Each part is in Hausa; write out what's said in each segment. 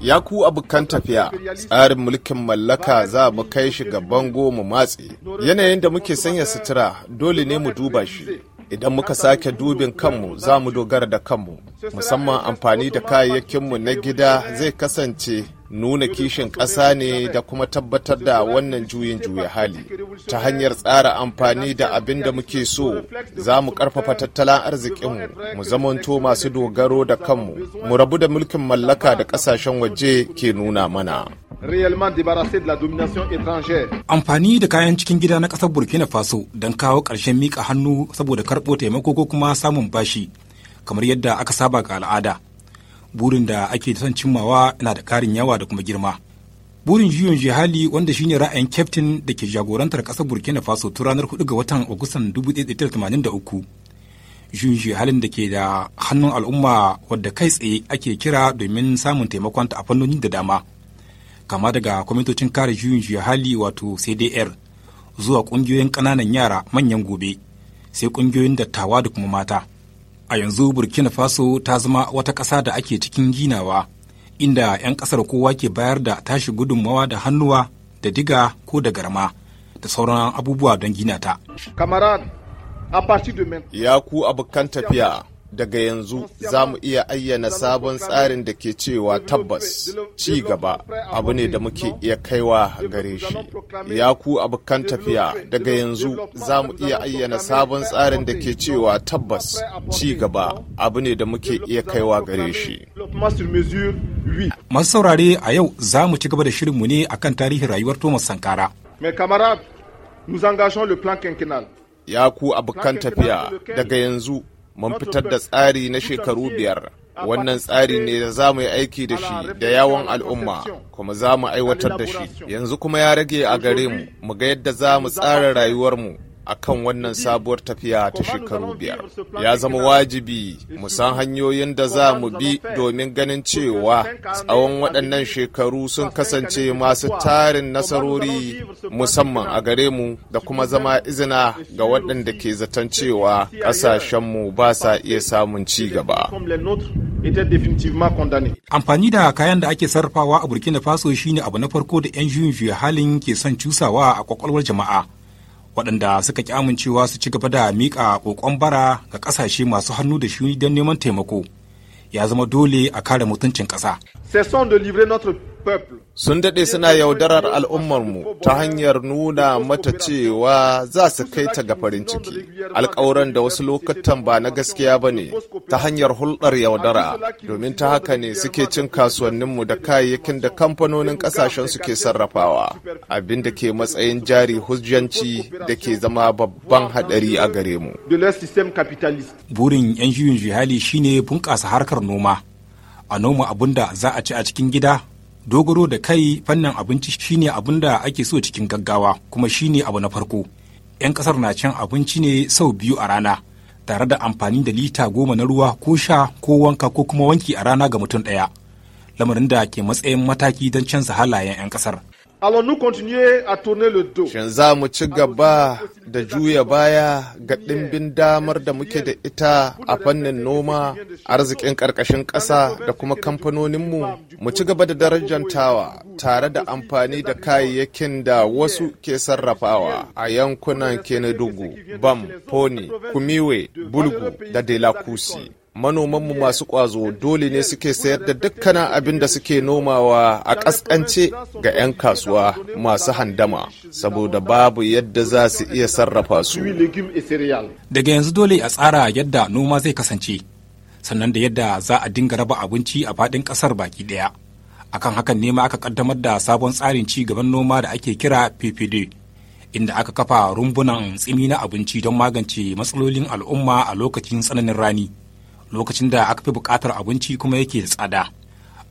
Ya ku abokan tafiya, tsarin mulkin mallaka za mu kai shi ga bango mu matse. Yanayin da muke sanya sutura dole ne mu duba shi. Idan muka sake dubin kanmu za mu dogara da kanmu, musamman amfani da kayayyakinmu na gida zai kasance nuna kishin ƙasa ne da kuma tabbatar da wannan juyin juya hali ta hanyar tsara amfani da abin da muke so za mu ƙarfafa tattalin arzikinmu mu zamanto masu dogaro da kanmu mu rabu da mulkin mallaka da ƙasashen waje ke nuna mana amfani da kayan cikin gida na ƙasar burkina faso don kawo ƙarshen miƙa hannu saboda karɓo taimako ko kuma samun bashi kamar yadda aka saba ga al'ada burin da ake son cimmawa na da karin yawa da kuma girma burin juyin jihali wanda shine ra'ayin kyaftin da ke jagorantar ƙasar burkina faso tun ranar 4 ga watan agustan 1983 juyin halin da ke da hannun al'umma wadda kai tsaye ake kira domin samun taimakon ta a fannoni da dama kama daga kwamitocin kare juyin hali wato cdr zuwa ƙungiyoyin ƙananan yara manyan gobe sai ƙungiyoyin dattawa da kuma mata a yanzu burkina faso ta zama wata ƙasa da ake cikin ginawa inda 'yan ƙasar kowa ke bayar da tashi gudunmawa da hannuwa da diga ko da garma da sauran abubuwa don gina ta ya ku abokan tafiya daga yanzu za mu iya ayyana sabon tsarin da ke cewa tabbas ci gaba abu ne da muke iya kaiwa gare shi ya ku abokan tafiya daga yanzu za mu iya ayyana sabon tsarin da ke cewa tabbas ci gaba abu ne da muke iya kaiwa gare shi masu saurare a yau za mu ci gaba da shirinmu ne akan tarihin rayuwar thomas sankara ya ku abokan tafiya daga yanzu mun fitar da tsari na shekaru biyar wannan tsari ne da za mu yi aiki da shi da yawon al'umma kuma za mu aiwatar da shi yanzu kuma ya rage a gare mu mu ga yadda za mu tsara rayuwarmu akan wannan sabuwar tafiya ta shekaru biyar ya zama wajibi mu san hanyoyin da za mu bi domin ganin cewa tsawon waɗannan shekaru sun kasance masu tarin nasarori musamman a gare mu da kuma zama izina ga waɗanda ke zaton cewa ƙasashenmu ba sa iya samun ci gaba Amfani da kayan da ake sarrafawa a Burkina Faso shine abu na farko da 'yan juyin juya halin ke son cusawa a kwakwalwar jama'a. waɗanda suka ƙi amincewa su ci gaba da miƙa ƙoƙon bara ga ƙasashe masu hannu da shuni don neman taimako ya zama dole a kare mutuncin ƙasa. C'est Sun daɗe suna yaudarar al'ummarmu ta hanyar nuna mata cewa za su kai ta ga farin ciki, alƙawuran da wasu lokutan ba na gaskiya ba ne ta hanyar hulɗar yaudara, domin ta haka ne suke cin kasuwanninmu da kayayyakin da kamfanonin ƙasashen suke sarrafawa, abin da ke matsayin jari hujjanci da ke zama babban haɗari a gare mu. Burin 'yan juyin jihali shine bunƙasa harkar noma, a noma abin da za a ci a cikin gida dogaro da kai fannin abinci shine abin da ake so cikin gaggawa kuma shine abu na farko 'yan kasar na cin abinci ne sau biyu a rana tare da amfani da lita goma na ruwa ko sha ko wanka ko kuma wanki a rana ga mutum ɗaya lamarin da ke matsayin mataki don canza halayen 'yan kasar Shin za mu ci gaba da juya baya ga ɗimbin damar da muke da ita a fannin noma, arzikin ƙarƙashin ƙasa da kuma kamfanoninmu? Mu ci gaba da darajantawa tare da amfani da kayayyakin da wasu ke sarrafawa a yankunan Kenedugu, Bam, Poni, Kumiwe, Bulgu da Delakusi. manomanmu masu ƙwazo dole ne suke sayar da dukkanin abin da suke nomawa a ƙasƙance ga 'yan kasuwa masu handama saboda babu yadda za su iya sarrafa su. Daga yanzu dole a tsara yadda noma zai kasance, sannan da yadda za a dinga raba abinci a faɗin ƙasar baki ɗaya. Akan hakan ne ma aka ƙaddamar da sabon tsarin ci gaban noma da ake kira PPD. inda aka kafa rumbunan tsimi na abinci don magance matsalolin al'umma a lokacin tsananin rani. lokacin da aka fi buƙatar abinci kuma yake da tsada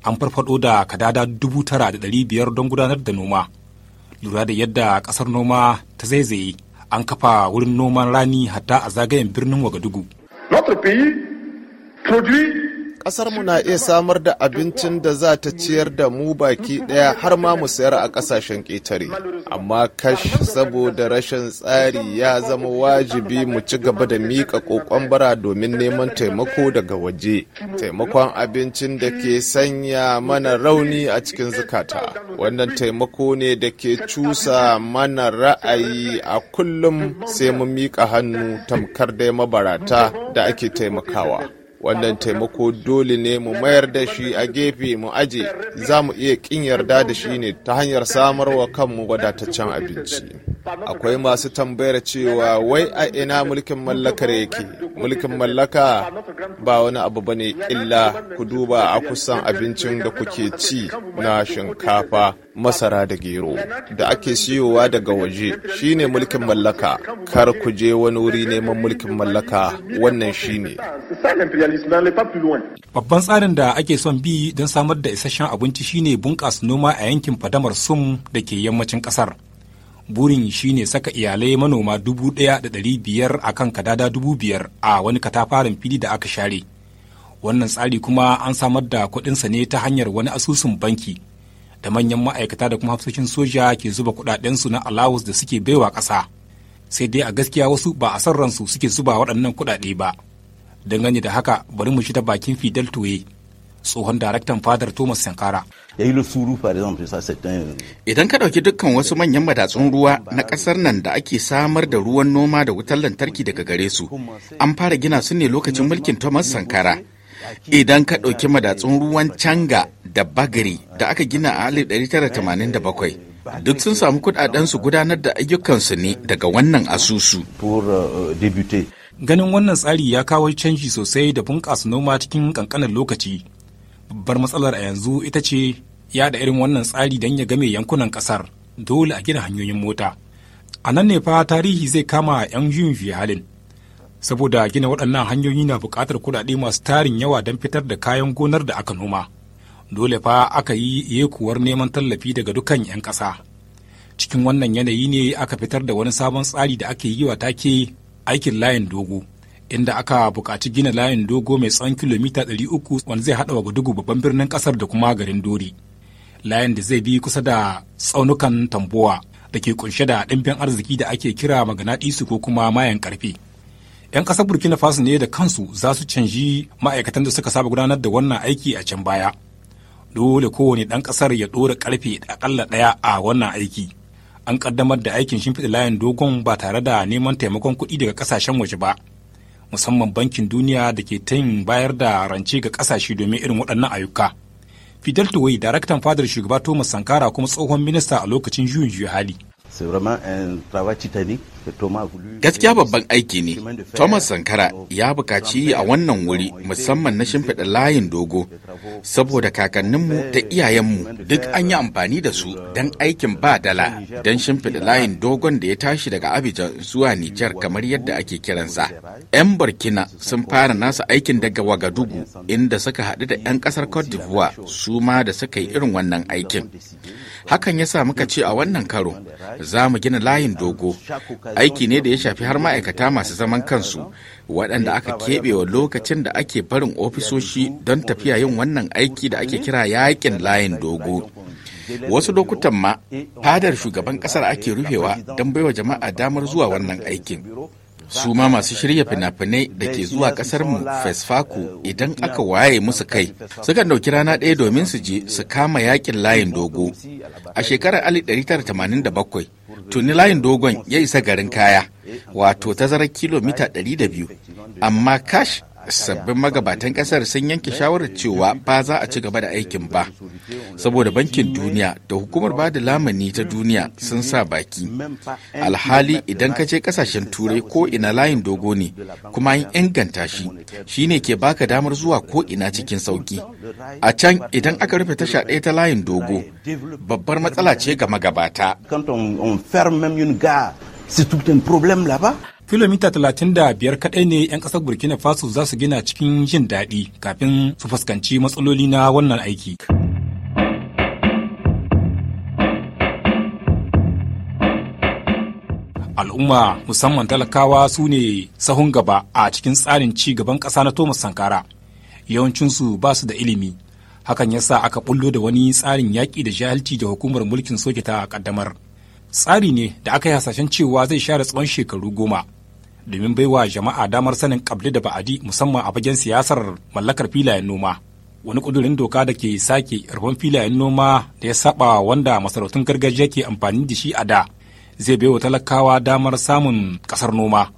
an farfado da kadada dubu tara da ɗari biyar don gudanar da noma lura da yadda ƙasar noma ta zaizaye an kafa wurin noman rani hatta a zagayen birnin wagadugu notre pays produit mu na iya samar da abincin da za ta ciyar da mu baki ɗaya har ma mu sayar a kasashen ƙetare. Amma kash saboda rashin tsari ya zama wajibi mu ci gaba da mika kokon bara domin neman taimako daga waje. Taimakon abincin da ke sanya mana rauni a cikin zukata. Wannan taimako ne da ke cusa mana ra'ayi a kullum sai mu mika hannu tamkar dai mabarata da ake taimakawa. wannan taimako dole ne mu mayar da shi a gefe mu aje za mu iya ƙin yarda da shi ne ta hanyar samarwa kanmu wadataccen abinci akwai masu tambayar cewa wai a ina mulkin mallakar yake mulkin mallaka ba wani abu ba ne illa ku duba a kusan abincin da kuke ci na shinkafa masara da gero da ake siyowa daga waje shine mulkin mallaka kar ku je wani wuri neman mulkin mallaka wannan shine babban tsarin da ake son bi don samar da isasshen abinci shine bunkas noma a yankin fadamar sum da ke yammacin kasar. burin shine saka iyalai manoma dubu ɗaya da ɗari biyar a kan kadada dubu biyar a wani katafarin fili da aka share wannan tsari kuma an samar da kuɗinsa ne ta hanyar wani asusun banki da manyan ma'aikata da kuma hafsoshin soja ke zuba kuɗaɗensu na alawus da suke baiwa ƙasa sai dai a gaskiya wasu ba a san ransu suke zuba waɗannan kuɗaɗe ba dangane da haka bari mu shi ta bakin fidel toye tsohon daraktan fadar Thomas Sankara. Idan ka ɗauki dukkan wasu manyan madatsun ruwa na ƙasar nan da ake samar da ruwan noma da wutar lantarki daga gare su, an fara gina su ne lokacin mulkin Thomas Sankara. Idan ka ɗauki madatsun ruwan Canga da Bagari da aka gina a 1987. duk sun samu kudadensu gudanar da ayyukansu ne daga wannan asusu. Euh, Ganin wannan tsari ya kawo canji sosai da bunƙasa noma cikin ƙanƙanin lokaci babbar matsalar a yanzu ita ce yaɗa irin wannan tsari don ya game yankunan kasar dole a gina hanyoyin mota a nan ne fa tarihi zai kama 'yan juyin halin saboda gina waɗannan hanyoyi na buƙatar kuɗaɗe masu tarin yawa don fitar da kayan gonar da aka noma dole fa aka yi yekuwar neman tallafi daga dukkan 'yan ƙasa cikin wannan yanayi ne aka fitar da wani sabon tsari da ake yi wa take aikin layin dogo inda aka bukaci gina layin dogo mai tsawon kilomita 300 wanda zai haɗa gudugu babban birnin ƙasar da kuma garin dori layin da zai bi kusa da tsaunukan tambowa da ke kunshe da ɗimbin arziki da ake kira maganaɗisu ko kuma mayan ƙarfe 'yan ƙasar burkina faso ne da kansu za su canji ma'aikatan da suka saba gudanar da wannan aiki a can baya dole kowane ɗan ƙasar ya ɗora ƙarfe aƙalla ɗaya a wannan aiki an ƙaddamar da aikin shimfiɗa layin dogon ba tare da neman taimakon kuɗi daga ƙasashen waje ba musamman bankin duniya da ke tayin bayar da rance ga kasashe domin irin waɗannan ayyuka. Fidel Tuwai, daraktan fadar shugaba Thomas Sankara kuma tsohon minista a lokacin juyin juya hali. Gaskiya babban aiki ne, Thomas Sankara ya bukaci a wannan wuri musamman na shimfiɗa layin dogo, saboda kakanninmu da iyayenmu duk an yi amfani da su don aikin ba dala don shimfiɗa layin dogon da ya tashi daga Abidjan zuwa Nijar kamar yadda ake kiransa. 'Yan Burkina sun fara nasa aikin daga Wagadugu inda suka haɗu da 'yan ƙasar Cote d'Ivoire su ma da suka yi irin wannan aikin. Hakan ya sa muka ce a wannan karo za mu gina layin dogo aiki ne da ya shafi har ma'aikata masu zaman kansu waɗanda aka keɓewa lokacin da ake barin ofisoshi don tafiya yin wannan aiki da ake kira yaƙin layin dogo wasu lokutan ma fadar shugaban ƙasar ake rufewa don baiwa jama'a damar zuwa wannan aikin su ma masu shirya fina-finai da ke zuwa kasar mu fesfaku idan aka waye musu kai sukan ɗauki rana ɗaya domin su je su kama yakin layin dogo a shekarar 1987 tuni layin dogon ya isa garin kaya wato tazarar kilomita 200 amma kash sabbin magabatan kasar sun yanke shawarar cewa ba za a ci gaba da aikin ba saboda bankin duniya da hukumar ba da lamani ta duniya sun sa baki alhali idan ka je kasashen turai ko ina layin dogo ne kuma an inganta shi shine ke baka damar zuwa ko ina cikin sauki a can idan aka rufe tasha ɗaya ta layin dogo babbar matsala ce ga magabata kilomita talatin da biyar kaɗai ne 'yan ƙasar burkina faso za su gina cikin jin daɗi kafin su fuskanci matsaloli na wannan aiki al'umma musamman talakawa su ne sahun gaba a cikin tsarin ci gaban ƙasa na thomas sankara yawancinsu ba su da ilimi hakan ya sa aka bullo da wani tsarin yaƙi da jahilci da hukumar mulkin soke ta ƙaddamar tsari ne da aka yi hasashen cewa zai share tsawon shekaru goma domin baiwa jama'a damar sanin kabli da ba'adi musamman a fagen siyasar mallakar filayen noma wani kudurin doka da ke sake rufin filayen noma da ya saba wanda masarautun gargajiya ke amfani da shi a da zai baiwa talakawa damar samun kasar noma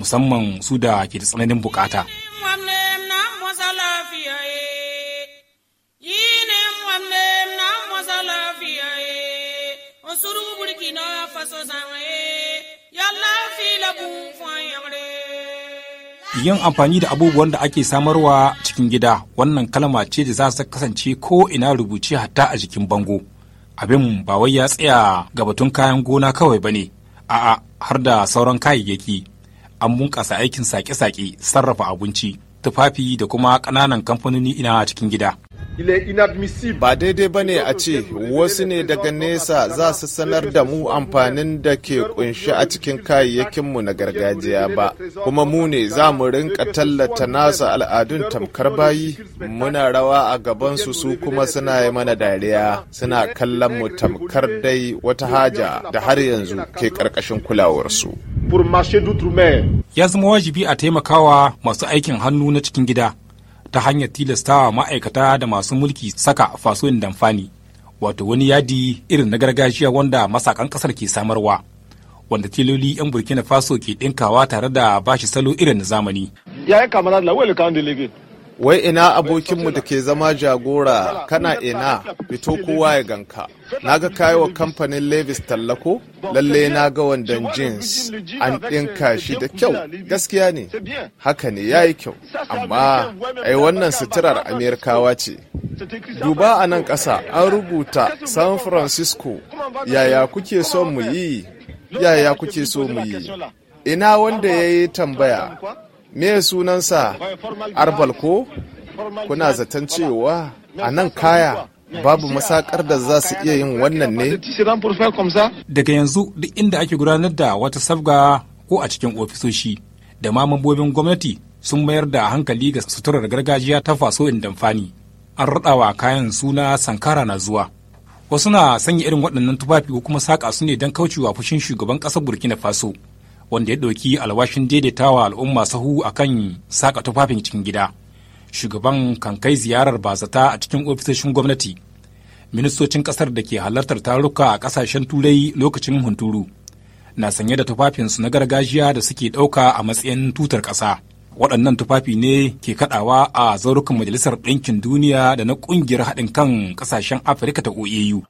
musamman su da ke da tsananin bukata. yin amfani da abubuwan da ake samarwa cikin gida wannan kalama ce da za su kasance ko ina rubuce hatta a jikin bango abin ba wai ya tsaya ga batun kayan gona kawai ba ne a'a har da sauran kayayyaki an bunƙasa aikin sake-sake sarrafa abinci tufafi da kuma ƙananan kamfanoni ina cikin gida Ba daidai ba ne a ce wasu ne daga nesa za su sanar da mu amfanin da ke kunshi a cikin kayayyakinmu na gargajiya ba, kuma mu ne za mu rinka tallata nasa al'adun tamkar bayi, muna rawa a gabansu su kuma suna yi mana dariya, suna kallon mu tamkar dai wata haja da har yanzu ke ƙarƙashin kulawarsu. Ya zama wajibi a taimakawa masu aikin hannu na cikin gida. ta hanyar tilastawa ma'aikata da masu mulki saka fasoyin damfani wato wani yadi irin na gargajiya wanda masakan kasar ke samarwa wanda tiloli 'yan burkina faso ke ɗinkawa tare da bashi salo irin na zamani ya yi kamar da wani Wai ina abokinmu da ke zama jagora kana ina fito kowa ya ganka. Na ga kayo wa kamfanin Levis tallako, lalle na ga wandan jeans an ɗinka shi da kyau gaskiya ne, haka ne ya yi kyau, amma ai wannan suturar Amerikawa ce. Duba a nan ƙasa an rubuta San Francisco, yaya kuke son mu yi, yaya kuke so mu yi. Ina wanda ya yi tambaya, me sunansa arbal ko kuna zaton cewa a nan kaya babu masakar da za su iya yin wannan ne daga yanzu duk inda ake gudanar da wata sabga ko a cikin ofisoshi da ma mambobin gwamnati sun mayar da hankali ga suturar gargajiya ta faso in damfani an raɗawa kayan suna sankara na zuwa wasu na sanya irin waɗannan tufafi ko kuma saƙa su ne don kaucewa fushin shugaban ƙasar burkina faso wanda ya ɗauki alwashin daidaitawa al'umma sahu kan saka tufafin cikin gida shugaban kan kai ziyarar bazata a cikin ofisoshin gwamnati ministocin ƙasar da ke halartar taruka a ƙasashen turai lokacin hunturu na sanye da tufafinsu na gargajiya da suke ɗauka a matsayin tutar ƙasa waɗannan tufafi ne ke kaɗawa a zaurukan majalisar ɗinkin duniya da na ƙungiyar haɗin kan ƙasashen afirka ta oau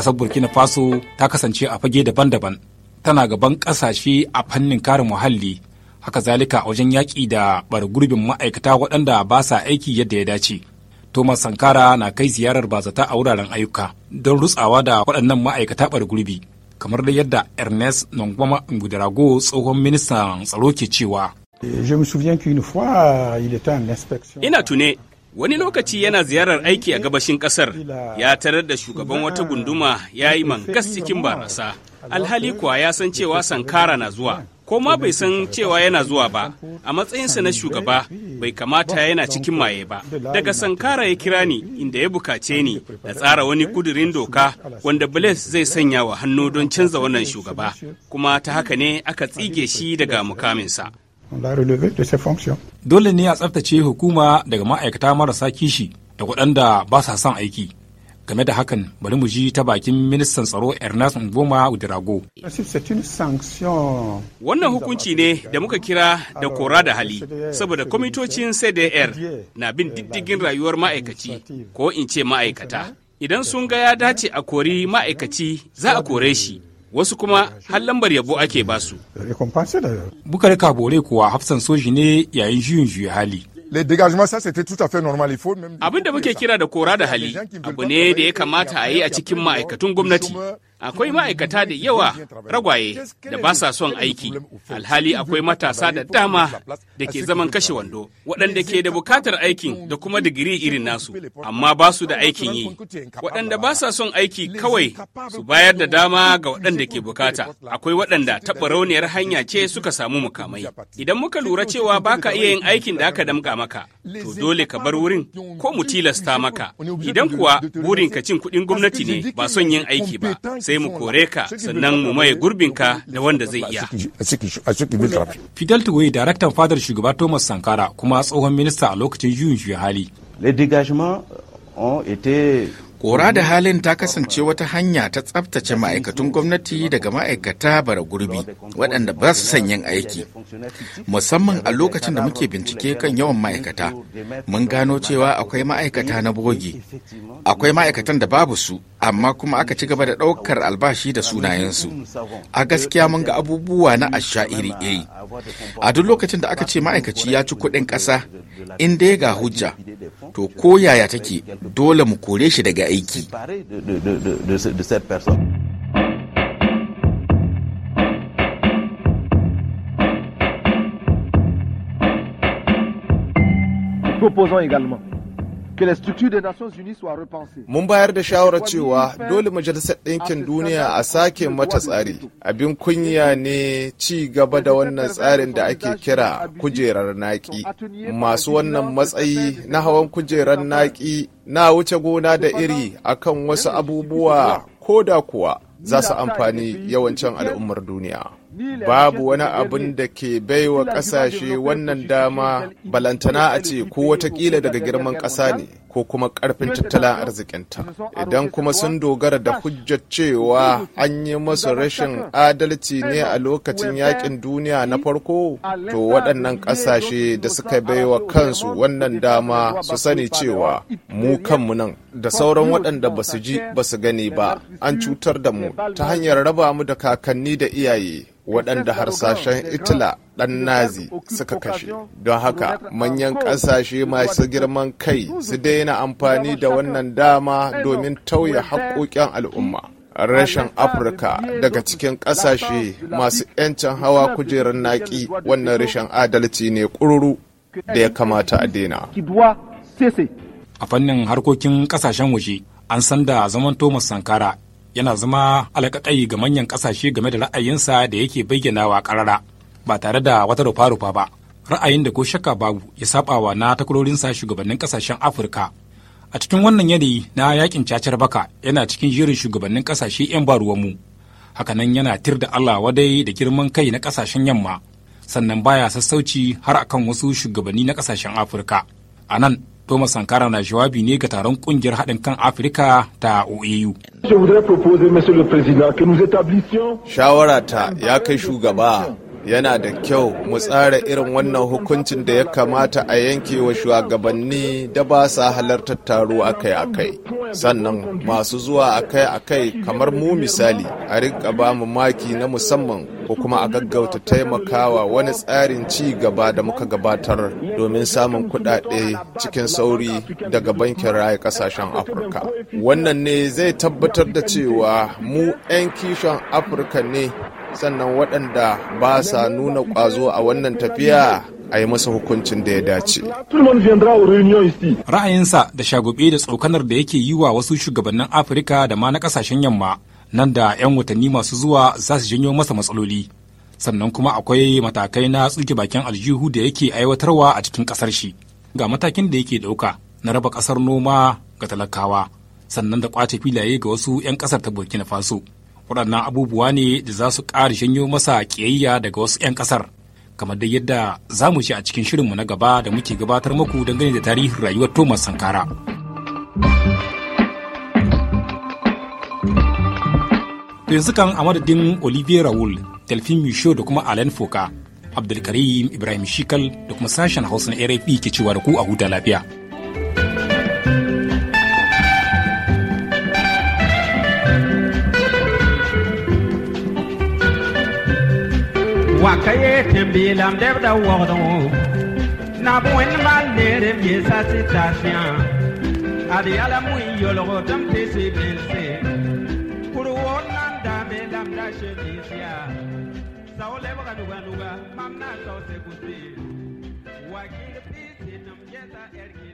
kasar burkina faso ta kasance a fage daban-daban tana gaban ƙasashe a fannin kare muhalli haka zalika a wajen yaƙi da gurbin ma'aikata waɗanda ba sa aiki yadda ya dace thomas sankara na kai ziyarar bazata a wuraren ayyuka don rutsawa da waɗannan ma'aikata gurbi kamar da yadda ernest nongoma ngudarago tsohon ministan tsaro ke cewa Ina tune Wani lokaci yana ziyarar aiki a gabashin ƙasar ya tarar da shugaban wata gunduma ya yi mangas cikin barasa. Alhali kuwa ya san cewa Sankara na zuwa, ko ma bai san cewa yana zuwa ba, a matsayinsa na shugaba bai kamata yana cikin maye ba. Daga Sankara ya kira ni inda ya bukace ni da tsara wani kudirin doka wanda Blaise zai sanya wa hannu don canza wannan shugaba, kuma ta haka ne aka tsige shi daga mukaminsa. l'a relevé de ses fonctions. Dole ne a tsaftace hukuma daga ma'aikata marasa kishi da waɗanda ba sa son aiki. Game da hakan bari mu ji ta bakin ministan tsaro Ernest Ngoma Udirago. Ah, Wannan hukunci ne da muka kira da kora da hali saboda kwamitocin CDR na bin diddigin rayuwar ma'aikaci ko in ce ma'aikata. Idan sun ga ya dace a kori ma'aikaci za a kore shi. wasu kuma har lambar yabo ake su. Bukari Kabore kuwa hafsan soji ne yayin juyin juya hali. Abin da muke kira da kora da hali abu ne da ya kamata a yi a cikin ma'aikatun gwamnati akwai ma'aikata da yawa ragwaye da ba sa son aiki alhali akwai matasa da dama da ke zaman kashe wando waɗanda ke da bukatar aikin da kuma digiri irin nasu amma ba su da aikin yi waɗanda ba sa son aiki kawai su bayar da dama ga waɗanda ke bukata akwai waɗanda taɓa rauniyar hanya ce suka samu mukamai idan muka lura cewa baka iya yin aikin da aka damƙa maka to dole ka bar wurin ko mu tilasta maka idan kuwa burin ka cin kuɗin gwamnati ne ba son yin aiki ba sai mu kore ka sannan mu maye gurbinka da wanda zai iya. Fidel Tugoyi daraktan fadar shugaba Thomas Sankara kuma tsohon minista a lokacin juyin shi hali. Kora da halin ta kasance wata hanya ta tsabtace ma'aikatun gwamnati daga ma'aikata bara gurbi waɗanda ba su son aiki. Musamman a lokacin da muke bincike kan yawan ma'aikata, mun gano cewa akwai ma'aikata na bogi, akwai ma'aikatan da babu su, amma kuma aka ci gaba da ɗaukar albashi da sunayensu a gaskiya mun ga abubuwa na asha iri iri a duk lokacin da aka ce ma'aikaci ya ci kuɗin ƙasa in dai ga hujja to ko yaya take dole mu kore shi daga aiki Proposons également Mun bayar da shawarar cewa dole Majalisar Ɗinkin Duniya a sake mata tsari. Abin kunya ne ci gaba da wannan tsarin da ake kira kujerar naƙi. Masu wannan matsayi na hawan kujerar naƙi na wuce gona da iri akan wasu abubuwa ko da kuwa za su amfani yawancin al'ummar duniya. Babu wani abin da ke baiwa ƙasashe wannan dama balantana a ce ko watakila daga girman ƙasa ne. ko kuma karfin tattalin arzikinta idan kuma sun dogara da hujjar cewa an yi masu rashin adalci ne a lokacin yakin duniya na farko to waɗannan ƙasashe da suka baiwa kansu wannan dama su sani cewa mu kanmu nan da sauran waɗanda ba su ji ba su gani ba an cutar da mu ta hanyar raba mu da kakanni da iyaye waɗanda harsashen itila ɗan nazi suka kashe don haka manyan ƙasashe masu girman kai su daina amfani da wannan dama domin tauye haƙoƙin al'umma rashin afirka daga cikin ƙasashe masu 'yancin hawa kujerar naƙi wannan rashin adalci ne ƙururu da ya kamata a daina a fannin harkokin ƙasashen waje an san da zamanto sankara yana zama alakakai ga manyan ƙasashe game da ra'ayinsa da yake wa ƙarara ba tare da wata rufa-rufa ba ra'ayin da ko shakka babu ya wa na takwarorinsa shugabannin ƙasashen afirka a cikin wannan yanayi na yakin cacar baka yana cikin jirin shugabannin ƙasashe 'yan ba ruwanmu hakanan yana tir da allah wadai da girman kai na ƙasashen yamma sannan baya sassauci har akan wasu shugabanni na ƙasashen afirka a nan Thomas Sankara na jawabi ne ga taron kungiyar haɗin kan Afirka ta OAU. Shawara ta ya kai shugaba yana da kyau mu tsara irin wannan hukuncin da ya kamata a yanke wa shugabanni da ba sa halartar taro akai-akai sannan masu zuwa akai-akai kamar mu misali a rinka ba mu maki na musamman ko kuma a gaggauta taimakawa wani tsarin ci gaba da muka gabatar domin samun kuɗaɗe cikin sauri daga bankin raya ƙasashen afirka wannan ne zai tabbatar da cewa mu 'yan kishon afirka ne sannan waɗanda ba sa nuna ƙwazo a wannan tafiya a yi masa hukuncin da ya dace. Ra'ayinsa da shagube da tsokanar da yake yi wa wasu shugabannin Afirka da ma na ƙasashen yamma nan da 'yan watanni masu zuwa za su janyo masa matsaloli. Sannan kuma akwai matakai na tsuke bakin aljihu da yake aiwatarwa a cikin ƙasar shi. Ga matakin da yake ɗauka na raba ƙasar noma ga talakawa, sannan da ƙwace filaye ga wasu 'yan ƙasar ta Burkina Faso. waɗannan abubuwa ne da za su ƙara janyo masa ƙiyayya daga wasu 'yan ƙasar kamar da yadda za mu shi a cikin shirinmu na gaba da muke gabatar muku dangane da tarihin rayuwar thomas sankara to yanzu kan a madadin olivier raoul delphine michaud da kuma alain foka abdulkarim ibrahim shikal da kuma sashen hausa na rfi ke cewa da ku a huta lafiya wakayete mbilam debda wogdongo na bõen mal neere m yesa sitasiã ad yala mui yolgo tɩm tɩ sibilse kur woor nan daame lamda chemisya sao lebga nuga nuga mam na n sao se gute wakil pisi tɩm yesa ɛrki